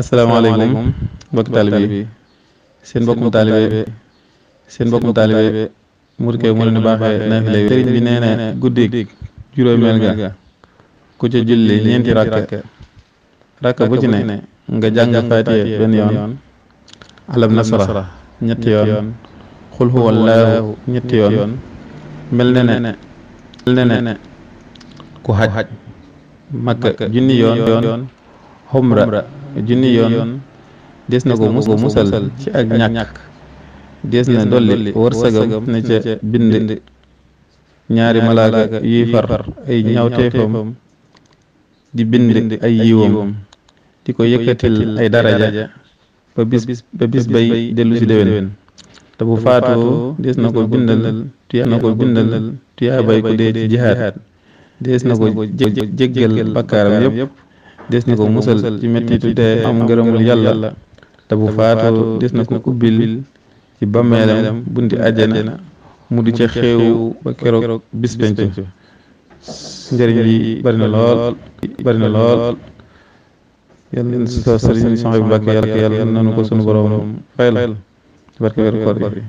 asalaamaaleykum mbokk taalibe bi seen mbokkum taalibe seen mbokkum taalibe Mouride Kayre moo leen baaxee naaf bi nee na guddig juróomeel ga ku ca julli ñeenti rakka rakka bu ci ne nga jàng faatiha benn yoon alam nasara ñetti yoon xul huwallaahu ñetti yoon mel ne ne ku xaj makka junni yoon yoon junni yoon des na ko musal ci ak ñàkk des na dolli wërsëgam na ca bind ñaari malaaka yuy far ay ñawteefam di bind ay yiwam di ko yëkkatil ay daraja ba bis ba bis bay dellu si déwén te bu faatoo des na ko bindal tuyaa na ko bindal tuyaa bay ku dee ci des na ko jéggal bakkaaram yépp des na ko musal ci mettitu te am ngërëmul yàlla te bu faatoo des na ko ubbil ci bàmmeelam bunti àjjana mu di ca xeewu ba keroog bis penc njëriñ li bari na lool bari na sa yàlla na sëriñ Sohaybu Mbàkke yàlla yàlla nanu ko sunu borom fayal barke weer koor bi